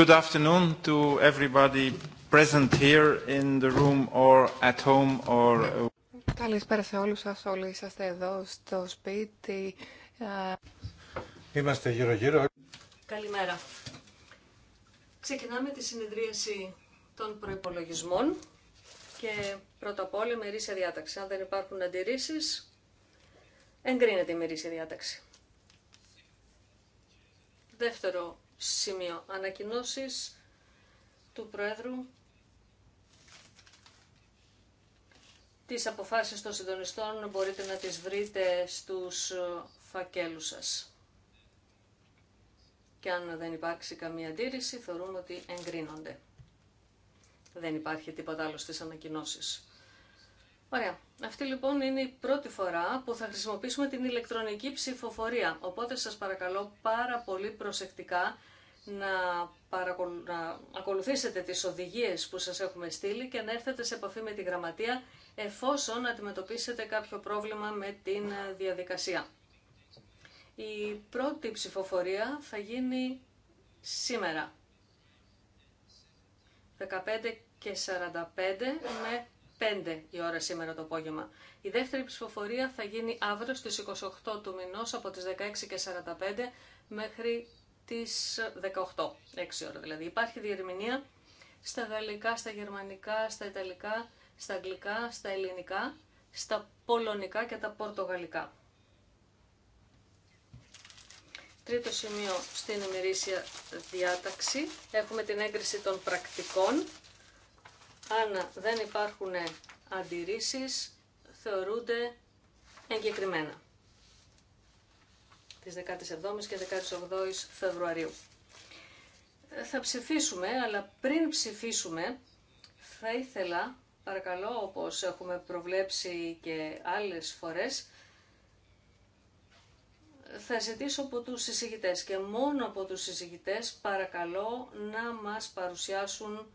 Good afternoon to everybody present here in the room or at home or... Uh, Καλησπέρα σε όλους σας, όλοι είσαστε εδώ στο σπίτι. Είμαστε γύρω-γύρω. Καλημέρα. Ξεκινάμε τη συνεδρίαση των προϋπολογισμών και πρώτα απ' όλα μερίσια διάταξη. Αν δεν υπάρχουν αντιρρήσεις, εγκρίνεται η μερίσια διάταξη. Δεύτερο σημείο. Ανακοινώσεις του Προέδρου Τις αποφάσεις των συντονιστών μπορείτε να τις βρείτε στους φακέλους σας. Και αν δεν υπάρξει καμία αντίρρηση, θεωρούμε ότι εγκρίνονται. Δεν υπάρχει τίποτα άλλο στις ανακοινώσεις. Ωραία. Αυτή λοιπόν είναι η πρώτη φορά που θα χρησιμοποιήσουμε την ηλεκτρονική ψηφοφορία. Οπότε σας παρακαλώ πάρα πολύ προσεκτικά να, ακολουθήσετε τις οδηγίες που σας έχουμε στείλει και να έρθετε σε επαφή με τη γραμματεία εφόσον αντιμετωπίσετε κάποιο πρόβλημα με την ε, διαδικασία. Η πρώτη ψηφοφορία θα γίνει σήμερα. 15 και 45 με 5 η ώρα σήμερα το απόγευμα. Η δεύτερη ψηφοφορία θα γίνει αύριο στις 28 του μηνός από τις 16 και 45 μέχρι της 18, 6 ώρα δηλαδή. Υπάρχει διερμηνία στα γαλλικά, στα γερμανικά, στα ιταλικά, στα αγγλικά, στα ελληνικά, στα πολωνικά και τα πορτογαλικά. Τρίτο σημείο στην ημερήσια διάταξη. Έχουμε την έγκριση των πρακτικών. Αν δεν υπάρχουν αντιρρήσεις, θεωρούνται εγκεκριμένα της 17ης και 18ης Φεβρουαρίου. Ε, θα ψηφίσουμε, αλλά πριν ψηφίσουμε θα ήθελα, παρακαλώ, όπως έχουμε προβλέψει και άλλες φορές, θα ζητήσω από τους συζητητές και μόνο από τους συζητητές παρακαλώ να μας παρουσιάσουν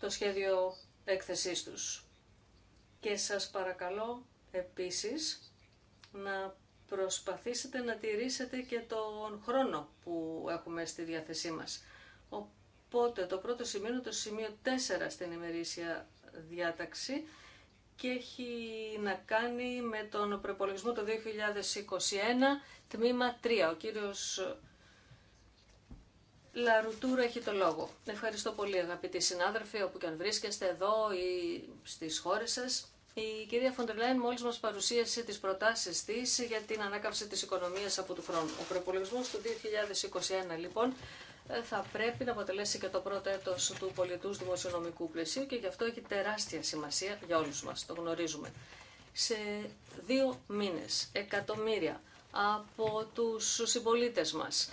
το σχέδιο έκθεσής τους. Και σας παρακαλώ επίσης να προσπαθήσετε να τηρήσετε και τον χρόνο που έχουμε στη διάθεσή μας. Οπότε το πρώτο σημείο είναι το σημείο 4 στην ημερήσια διάταξη και έχει να κάνει με τον προπολογισμό το 2021, τμήμα 3. Ο κύριος Λαρουτούρα έχει το λόγο. Ευχαριστώ πολύ αγαπητοί συνάδελφοι, όπου και αν βρίσκεστε εδώ ή στις χώρες σας. Η κυρία Φοντελάιν μόλις μας παρουσίασε τις προτάσεις της για την ανάκαμψη της οικονομίας από του χρόνου. Ο προπολογισμό του 2021 λοιπόν ε, θα πρέπει να αποτελέσει και το πρώτο έτος του πολιτούς δημοσιονομικού πλαισίου και γι' αυτό έχει τεράστια σημασία για όλους μας, το γνωρίζουμε. Σε δύο μήνες, εκατομμύρια από τους συμπολίτε μας,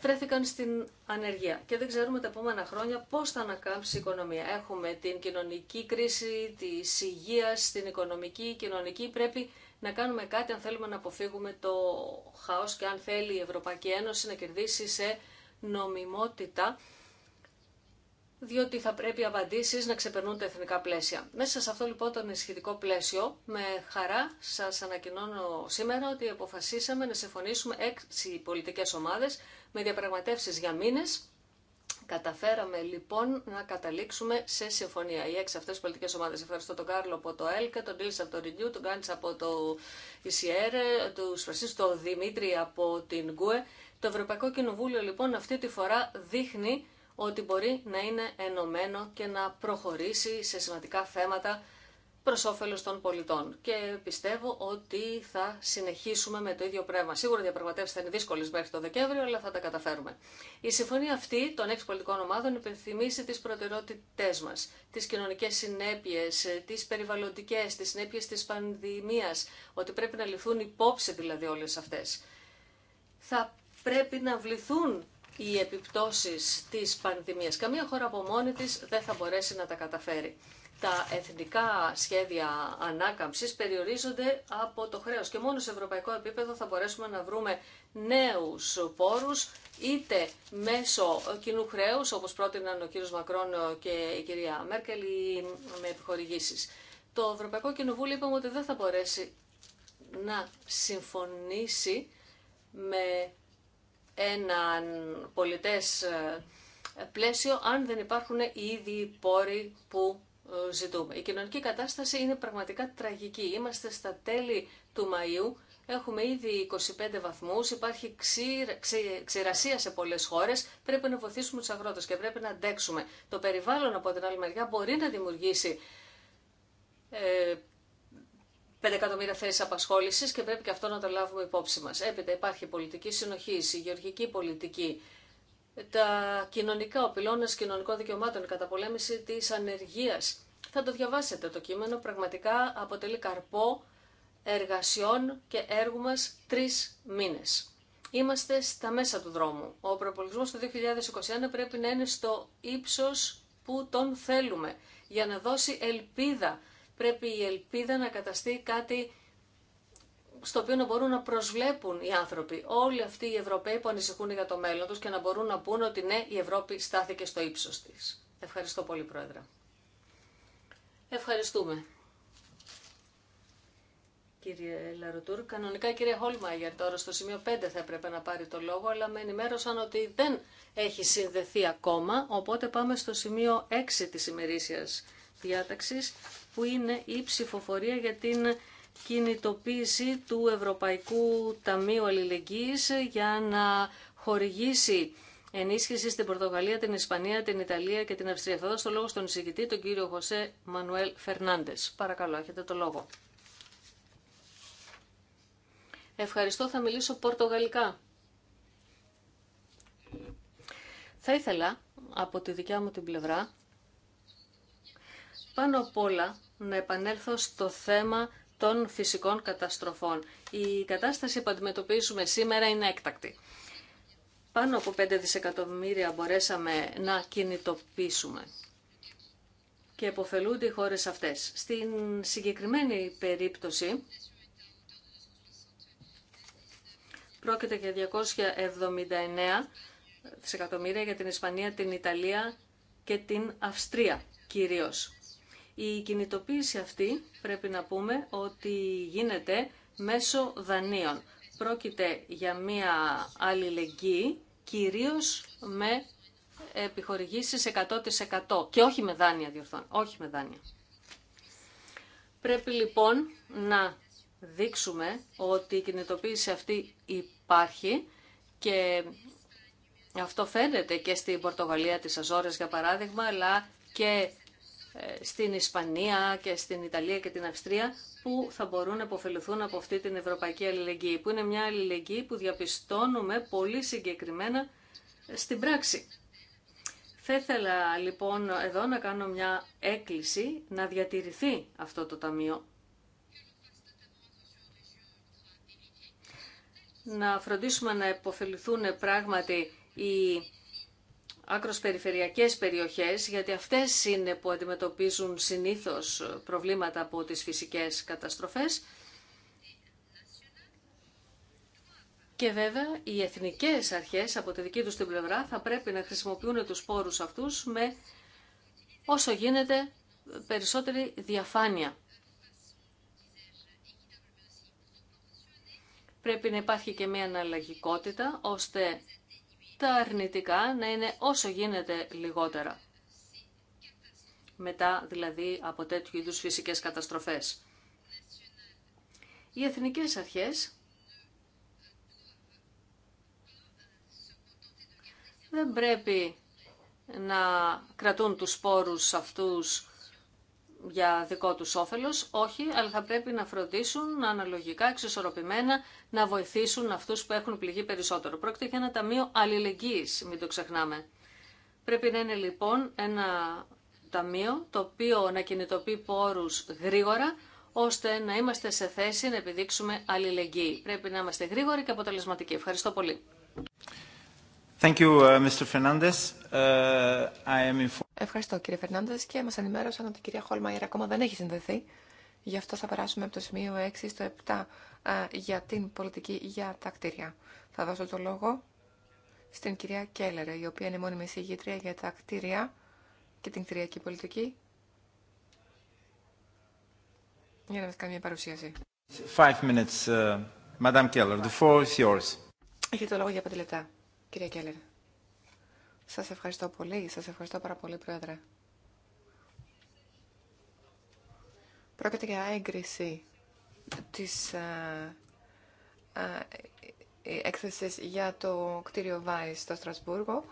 βρέθηκαν στην ανεργία και δεν ξέρουμε τα επόμενα χρόνια πώς θα ανακάμψει η οικονομία. Έχουμε την κοινωνική κρίση, τη υγεία, την οικονομική, κοινωνική. Πρέπει να κάνουμε κάτι αν θέλουμε να αποφύγουμε το χάος και αν θέλει η Ευρωπαϊκή Ένωση να κερδίσει σε νομιμότητα διότι θα πρέπει οι απαντήσεις να ξεπερνούν τα εθνικά πλαίσια. Μέσα σε αυτό λοιπόν το ενισχυτικό πλαίσιο, με χαρά σας ανακοινώνω σήμερα ότι αποφασίσαμε να συμφωνήσουμε έξι πολιτικές ομάδες με διαπραγματεύσεις για μήνες. Καταφέραμε λοιπόν να καταλήξουμε σε συμφωνία. Οι έξι αυτές πολιτικές ομάδες. Ευχαριστώ τον Κάρλο από το ΕΛΚΑ, τον Τίλης από το Ρινιού, τον Γκάντς από το ΙΣΙΕΡΕ, του Φρασίς, τον Δημήτρη από την ΚΟΕ. Το Ευρωπαϊκό Κοινοβούλιο λοιπόν αυτή τη φορά δείχνει ότι μπορεί να είναι ενωμένο και να προχωρήσει σε σημαντικά θέματα προς όφελος των πολιτών. Και πιστεύω ότι θα συνεχίσουμε με το ίδιο πνεύμα. Σίγουρα διαπραγματεύσει θα είναι δύσκολε μέχρι το Δεκέμβριο, αλλά θα τα καταφέρουμε. Η συμφωνία αυτή των έξι πολιτικών ομάδων υπενθυμίσει τι προτεραιότητέ μα, τι κοινωνικέ συνέπειε, τι περιβαλλοντικέ, τι συνέπειε τη πανδημία, ότι πρέπει να ληφθούν υπόψη δηλαδή όλε αυτέ. Θα πρέπει να βληθούν οι επιπτώσεις της πανδημίας. Καμία χώρα από μόνη της δεν θα μπορέσει να τα καταφέρει. Τα εθνικά σχέδια ανάκαμψης περιορίζονται από το χρέος και μόνο σε ευρωπαϊκό επίπεδο θα μπορέσουμε να βρούμε νέους πόρους είτε μέσω κοινού χρέους όπως πρότειναν ο κύριος Μακρόν και η κυρία Μέρκελ ή με επιχορηγήσεις. Το Ευρωπαϊκό Κοινοβούλιο είπαμε ότι δεν θα μπορέσει να συμφωνήσει με έναν πολιτές ε, πλαίσιο αν δεν υπάρχουν οι ίδιοι πόροι που ε, ζητούμε. Η κοινωνική κατάσταση είναι πραγματικά τραγική. Είμαστε στα τέλη του Μαΐου, έχουμε ήδη 25 βαθμούς, υπάρχει ξηρασία σε πολλές χώρες, πρέπει να βοηθήσουμε τους αγρότες και πρέπει να αντέξουμε. Το περιβάλλον από την άλλη μεριά μπορεί να δημιουργήσει ε, 5 εκατομμύρια θέσει απασχόληση και πρέπει και αυτό να το λάβουμε υπόψη μα. Έπειτα υπάρχει πολιτική συνοχή, η γεωργική πολιτική, τα κοινωνικά, ο πυλώνα κοινωνικών δικαιωμάτων, η καταπολέμηση τη ανεργία. Θα το διαβάσετε το κείμενο. Πραγματικά αποτελεί καρπό εργασιών και έργου μα τρει μήνε. Είμαστε στα μέσα του δρόμου. Ο προπολογισμό του 2021 πρέπει να είναι στο ύψο που τον θέλουμε για να δώσει ελπίδα πρέπει η ελπίδα να καταστεί κάτι στο οποίο να μπορούν να προσβλέπουν οι άνθρωποι, όλοι αυτοί οι Ευρωπαίοι που ανησυχούν για το μέλλον τους και να μπορούν να πούν ότι ναι, η Ευρώπη στάθηκε στο ύψος της. Ευχαριστώ πολύ, Πρόεδρε. Ευχαριστούμε. Κύριε Λαρουτούρ, κανονικά κύριε Χόλμαγερ τώρα στο σημείο 5 θα έπρεπε να πάρει το λόγο, αλλά με ενημέρωσαν ότι δεν έχει συνδεθεί ακόμα, οπότε πάμε στο σημείο 6 της ημερήσιας διάταξης που είναι η ψηφοφορία για την κινητοποίηση του Ευρωπαϊκού Ταμείου Αλληλεγγύης για να χορηγήσει ενίσχυση στην Πορτογαλία, την Ισπανία, την Ιταλία και την Αυστρία. Θα δώσω το λόγο στον εισηγητή, τον κύριο Χωσέ Μανουέλ Φερνάντε. Παρακαλώ, έχετε το λόγο. Ευχαριστώ, θα μιλήσω πορτογαλικά. Θα ήθελα από τη δικιά μου την πλευρά πάνω απ' όλα να επανέλθω στο θέμα των φυσικών καταστροφών. Η κατάσταση που αντιμετωπίζουμε σήμερα είναι έκτακτη. Πάνω από 5 δισεκατομμύρια μπορέσαμε να κινητοποιήσουμε και εποφελούνται οι χώρες αυτές. Στην συγκεκριμένη περίπτωση πρόκειται για 279 δισεκατομμύρια για την Ισπανία, την Ιταλία και την Αυστρία κυρίως. Η κινητοποίηση αυτή πρέπει να πούμε ότι γίνεται μέσω δανείων. Πρόκειται για μια αλληλεγγύη κυρίως με επιχορηγήσεις 100% και όχι με δάνεια διορθών, όχι με δάνεια. Πρέπει λοιπόν να δείξουμε ότι η κινητοποίηση αυτή υπάρχει και αυτό φαίνεται και στην Πορτογαλία της Αζόρες για παράδειγμα, αλλά και ε, στην Ισπανία και στην Ιταλία και την Αυστρία που θα μπορούν να υποφεληθούν από αυτή την ευρωπαϊκή αλληλεγγύη, που είναι μια αλληλεγγύη που διαπιστώνουμε πολύ συγκεκριμένα στην πράξη. Θα ήθελα λοιπόν εδώ να κάνω μια έκκληση να διατηρηθεί αυτό το Ταμείο. Να φροντίσουμε να υποφεληθούν πράγματι οι άκρος περιφερειακές περιοχές, γιατί αυτές είναι που αντιμετωπίζουν συνήθως προβλήματα από τις φυσικές καταστροφές. Και βέβαια οι εθνικές αρχές από τη δική τους την πλευρά θα πρέπει να χρησιμοποιούν τους πόρους αυτούς με όσο γίνεται περισσότερη διαφάνεια. Πρέπει να υπάρχει και μια αναλλαγικότητα ώστε τα αρνητικά να είναι όσο γίνεται λιγότερα. Μετά δηλαδή από τέτοιου είδους φυσικές καταστροφές. Οι εθνικές αρχές δεν πρέπει να κρατούν τους σπόρους αυτούς για δικό τους όφελος, όχι, αλλά θα πρέπει να φροντίσουν αναλογικά, εξισορροπημένα, να βοηθήσουν αυτούς που έχουν πληγεί περισσότερο. Πρόκειται για ένα ταμείο αλληλεγγύης, μην το ξεχνάμε. Πρέπει να είναι λοιπόν ένα ταμείο το οποίο να κινητοποιεί πόρους γρήγορα, ώστε να είμαστε σε θέση να επιδείξουμε αλληλεγγύη. Πρέπει να είμαστε γρήγοροι και αποτελεσματικοί. Ευχαριστώ πολύ. Thank you, uh, Mr. Fernandez. Uh, I am Ευχαριστώ κύριε Φερνάνδε και μα ενημέρωσαν ότι η κυρία Χόλμαϊρ ακόμα δεν έχει συνδεθεί. Γι' αυτό θα περάσουμε από το σημείο 6 στο 7 για την πολιτική για τα κτίρια. Θα δώσω το λόγο στην κυρία Κέλλερ, η οποία είναι μόνιμη εισηγήτρια για τα κτίρια και την κτηριακή πολιτική. Για να μα κάνει μια παρουσίαση. Five minutes, uh, Madame Keller. The floor is yours. Έχετε το λόγο για πέντε λεπτά, κυρία Κέλλερ. Σας ευχαριστώ πολύ. Σας ευχαριστώ πάρα πολύ, Πρόεδρε. Πρόκειται για έγκριση της α, ε, ε, ε, έκθεσης για το κτίριο Βάη στο Στρασβούργο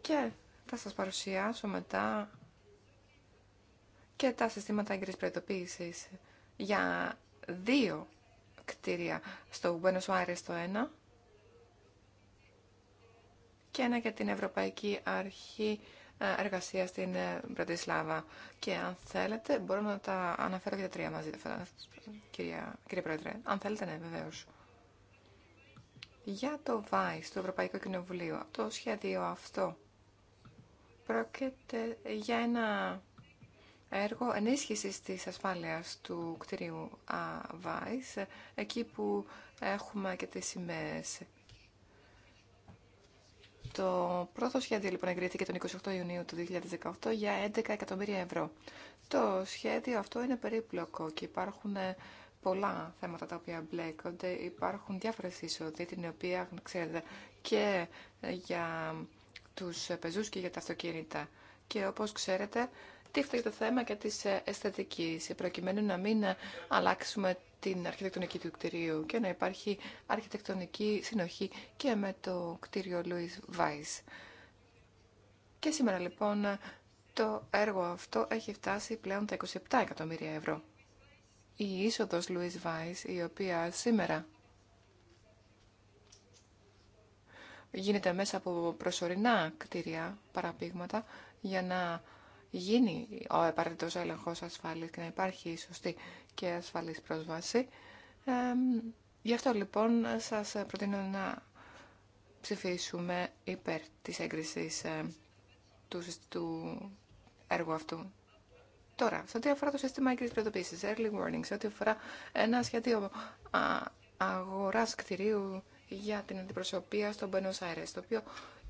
και θα σας παρουσιάσω μετά και τα συστήματα έγκρισης προειδοποίησης για δύο κτίρια στο Buenos Aires το ένα και ένα για την Ευρωπαϊκή Αρχή ε, Εργασία στην ε, Πρατισλάβα. Και αν θέλετε, μπορώ να τα αναφέρω και τα τρία μαζί, κυρία, κύριε Πρόεδρε. Αν θέλετε, ναι, βεβαίω. Για το ΒΑΙΣ, το Ευρωπαϊκό Κοινοβουλίο, το σχέδιο αυτό πρόκειται για ένα έργο ενίσχυσης της ασφάλειας του κτηρίου ΒΑΙΣ, εκεί που έχουμε και τις σημαίες το πρώτο σχέδιο λοιπόν εγκρίθηκε τον 28 Ιουνίου του 2018 για 11 εκατομμύρια ευρώ. Το σχέδιο αυτό είναι περίπλοκο και υπάρχουν ε, πολλά θέματα τα οποία μπλέκονται. Υπάρχουν διάφορε είσοδοι, την οποία ξέρετε και ε, για τους πεζού και για τα αυτοκίνητα. Και όπως ξέρετε, τίθεται το θέμα και τη ε, αισθητικής, προκειμένου να μην αλλάξουμε την αρχιτεκτονική του κτηρίου και να υπάρχει αρχιτεκτονική συνοχή και με το κτίριο Louis Weiss. Και σήμερα λοιπόν το έργο αυτό έχει φτάσει πλέον τα 27 εκατομμύρια ευρώ. Η είσοδος Louis Weiss, η οποία σήμερα γίνεται μέσα από προσωρινά κτίρια, παραπήγματα, για να γίνει ο επαρκετός έλεγχος ασφάλειας και να υπάρχει σωστή και ασφαλής πρόσβαση. Ε, γι' αυτό λοιπόν σας προτείνω να ψηφίσουμε υπέρ της έγκρισης ε, του, του έργου αυτού. Τώρα, σε ό,τι αφορά το σύστημα έγκρισης προειδοποίησης, early warning, σε ό,τι αφορά ένα σχέδιο αγοράς κτηρίου για την αντιπροσωπεία στον Buenos Aires, το οποίο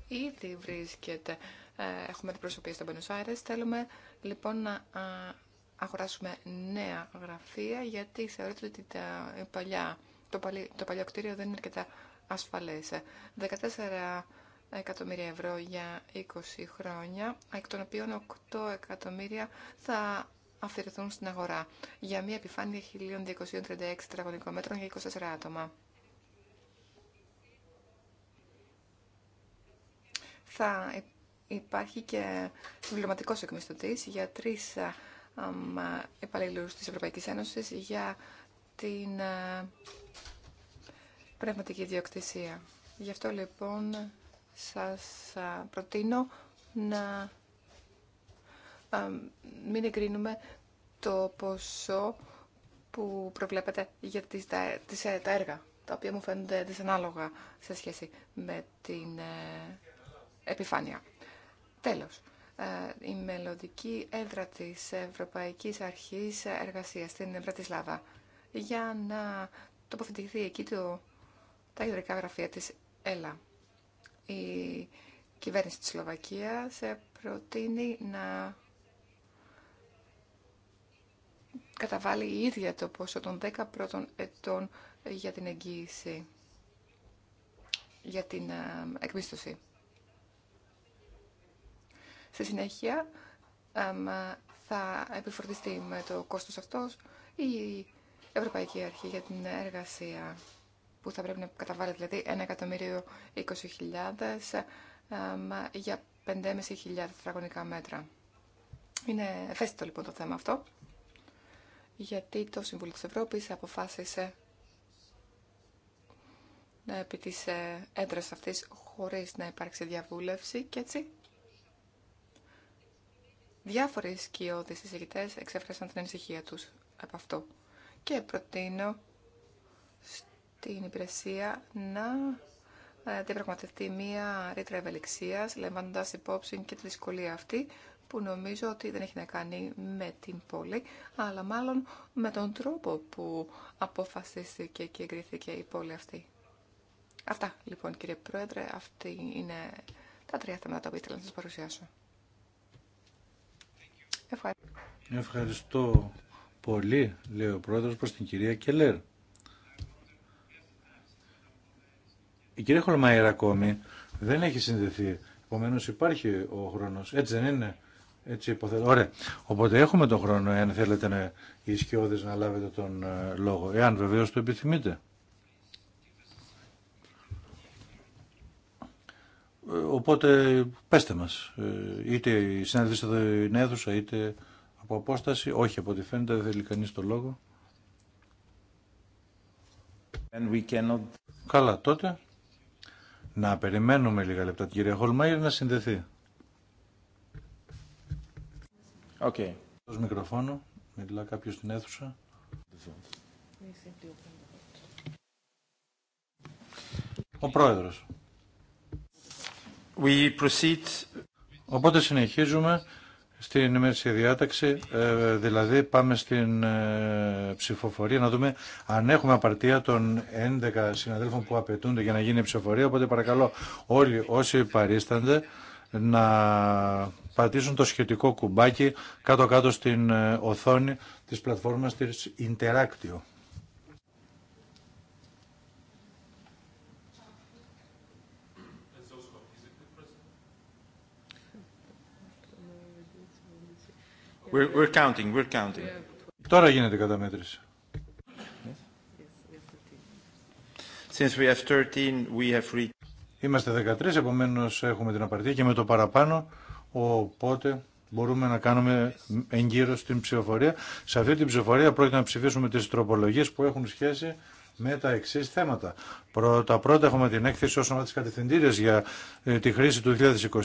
ήδη βρίσκεται ε, έχουμε προσωπία στον Buenos Aires. Θέλουμε λοιπόν να αγοράσουμε νέα γραφεία γιατί θεωρείται ότι τα παλιά, το, παλι, το παλιό κτίριο δεν είναι αρκετά ασφαλές. 14 εκατομμύρια ευρώ για 20 χρόνια, εκ των οποίων 8 εκατομμύρια θα αφαιρεθούν στην αγορά για μια επιφάνεια 1.236 τετραγωνικών μέτρων για 24 άτομα. Θα υπάρχει και συμπληρωματικό εκμισθωτή για τρει υπαλλήλου τη Ευρωπαϊκή Ένωση για την πνευματική ιδιοκτησία. Γι' αυτό λοιπόν σας προτείνω να μην εγκρίνουμε το ποσό που προβλέπετε για τις, τα, τις, ε, τα έργα, τα οποία μου φαίνονται δυσανάλογα σε σχέση με την ε, επιφάνεια. Τέλος, ε, η μελλοντική έδρα της Ευρωπαϊκής Αρχής Εργασίας στην Βρατισλάβα για να τοποθετηθεί εκεί το, τα ιδρικά γραφεία της ΕΛΑ. Η κυβέρνηση της Σλοβακίας προτείνει να καταβάλει η ίδια το πόσο των 10 πρώτων ετών για την εγγύηση, για την ε, εκπίστωση. Στη συνέχεια θα επιφορτιστεί με το κόστος αυτός η Ευρωπαϊκή Αρχή για την Εργασία που θα πρέπει να καταβάλει δηλαδή 1.020.000 για 5.500 τετραγωνικά μέτρα. Είναι ευαίσθητο λοιπόν το θέμα αυτό, γιατί το Συμβούλιο της Ευρώπης αποφάσισε επί της ε, έντρας αυτής χωρίς να υπάρξει διαβούλευση και έτσι Διάφοροι σκιώδει συζητητέ εξέφρασαν την ανησυχία τους από αυτό και προτείνω στην υπηρεσία να ε, διαπραγματευτεί μία ρήτρα ευελιξία, λαμβάνοντα υπόψη και τη δυσκολία αυτή, που νομίζω ότι δεν έχει να κάνει με την πόλη, αλλά μάλλον με τον τρόπο που αποφασίστηκε και εγκρίθηκε η πόλη αυτή. Αυτά λοιπόν κύριε Πρόεδρε, αυτή είναι τα τρία θέματα που ήθελα να σας παρουσιάσω. Ευχαριστώ. πολύ, λέει ο πρόεδρος, προς την κυρία Κελέρ. Η κυρία Χολμαϊρ ακόμη δεν έχει συνδεθεί. Επομένω υπάρχει ο χρόνος. Έτσι δεν είναι. Έτσι υποθέτω. Ωραία. Οπότε έχουμε τον χρόνο, εάν θέλετε να ισχυώδες να λάβετε τον ε, λόγο. Εάν βεβαίως το επιθυμείτε. Οπότε πέστε μας, ε, είτε συνάντησή εδώ είναι αίθουσα, είτε από απόσταση, όχι από ό,τι φαίνεται, δεν θέλει κανείς το λόγο. Καλά, τότε να περιμένουμε λίγα λεπτά την κυρία Χολμάιρ να συνδεθεί. Okay. Ως μικροφόνο, μιλά κάποιος στην αίθουσα. Ο πρόεδρος. Οπότε συνεχίζουμε στην ημέρηση διάταξη, ε, δηλαδή πάμε στην ε, ψηφοφορία να δούμε αν έχουμε απαρτία των 11 συναδέλφων που απαιτούνται για να γίνει ψηφοφορία. Οπότε παρακαλώ όλοι όσοι παρίστανται να πατήσουν το σχετικό κουμπάκι κάτω-κάτω στην ε, οθόνη της πλατφόρμας της Interactio. Τώρα γίνεται η καταμέτρηση. Since we have 13, we have reached... Είμαστε 13, επομένως έχουμε την απαρτία και με το παραπάνω, οπότε μπορούμε να κάνουμε εγκύρω στην ψηφοφορία. Σε αυτή την ψηφοφορία πρόκειται να ψηφίσουμε τις τροπολογίες που έχουν σχέση με τα εξή θέματα. Πρώτα πρώτα έχουμε την έκθεση όσον αφορά τι για ε, τη χρήση του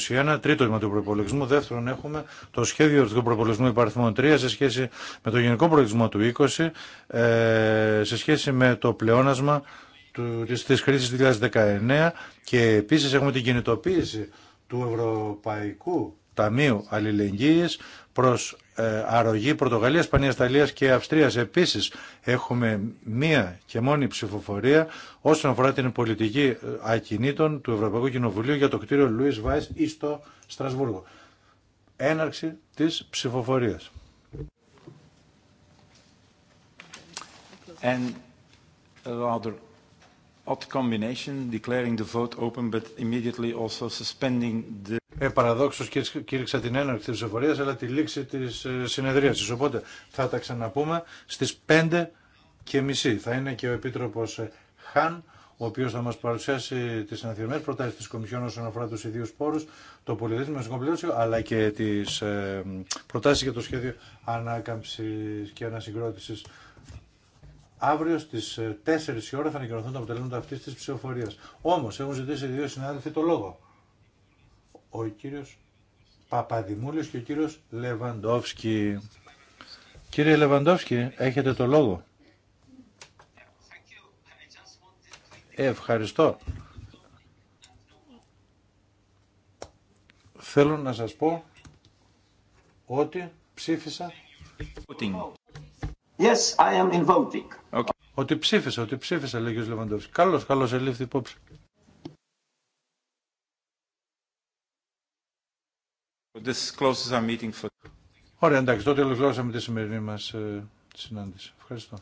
2021, τρίτο τμήμα του προπολογισμού. Δεύτερον, έχουμε το σχέδιο του προπολογισμού υπαριθμών 3 σε σχέση με το γενικό προπολογισμό του 20, ε, σε σχέση με το πλεόνασμα της χρήσης του 2019 και επίσης έχουμε την κινητοποίηση του Ευρωπαϊκού Ταμείου Αλληλεγγύης προς ε, αρρωγή Πορτογαλίας, Ισπανίας, Ιταλίας και Αυστρίας. Επίσης έχουμε μία και μόνη ψηφοφορία όσον αφορά την πολιτική ε, ακινήτων του Ευρωπαϊκού Κοινοβουλίου για το κτίριο Λουίς Βάις ή στο Στρασβούργο. Έναρξη της ψηφοφορίας. And combination, declaring the vote open but immediately also suspending the ε, παραδόξως κήρυξα την έναρξη τη ψηφοφορίας αλλά τη λήξη της ε, συνεδρίασης. Οπότε θα τα ξαναπούμε στι 5 και μισή. Θα είναι και ο Επίτροπος ε, Χαν, ο οποίο θα μα παρουσιάσει τι αναθεωρημένες προτάσει τη Κομισιόν όσον αφορά του ίδιου πόρου, το πολιτισμό πλαίσιο, αλλά και τις ε, προτάσει για το σχέδιο ανάκαμψη και ανασυγκρότηση. Αύριο στι 4 η ώρα θα ανακοινωθούν τα αποτελέσματα αυτή τη ψηφοφορία. Όμω έχουν ζητήσει οι δύο συνάδελφοι το λόγο ο κύριος Παπαδημούλης και ο κύριος Λεβαντόφσκι. Κύριε Λεβαντόφσκι, έχετε το λόγο. ευχαριστώ. Θέλω να σας πω ότι ψήφισα Yes, I am in voting. Ότι ψήφισα, ότι ψήφισα, λέγει ο κύριο Λεβαντόφσκι. Καλώς, καλώς, ελήφθη υπόψη. This closes our meeting for... Ωραία, εντάξει, τότε ολοκληρώσαμε τη σημερινή μας ε, συνάντηση. Ευχαριστώ.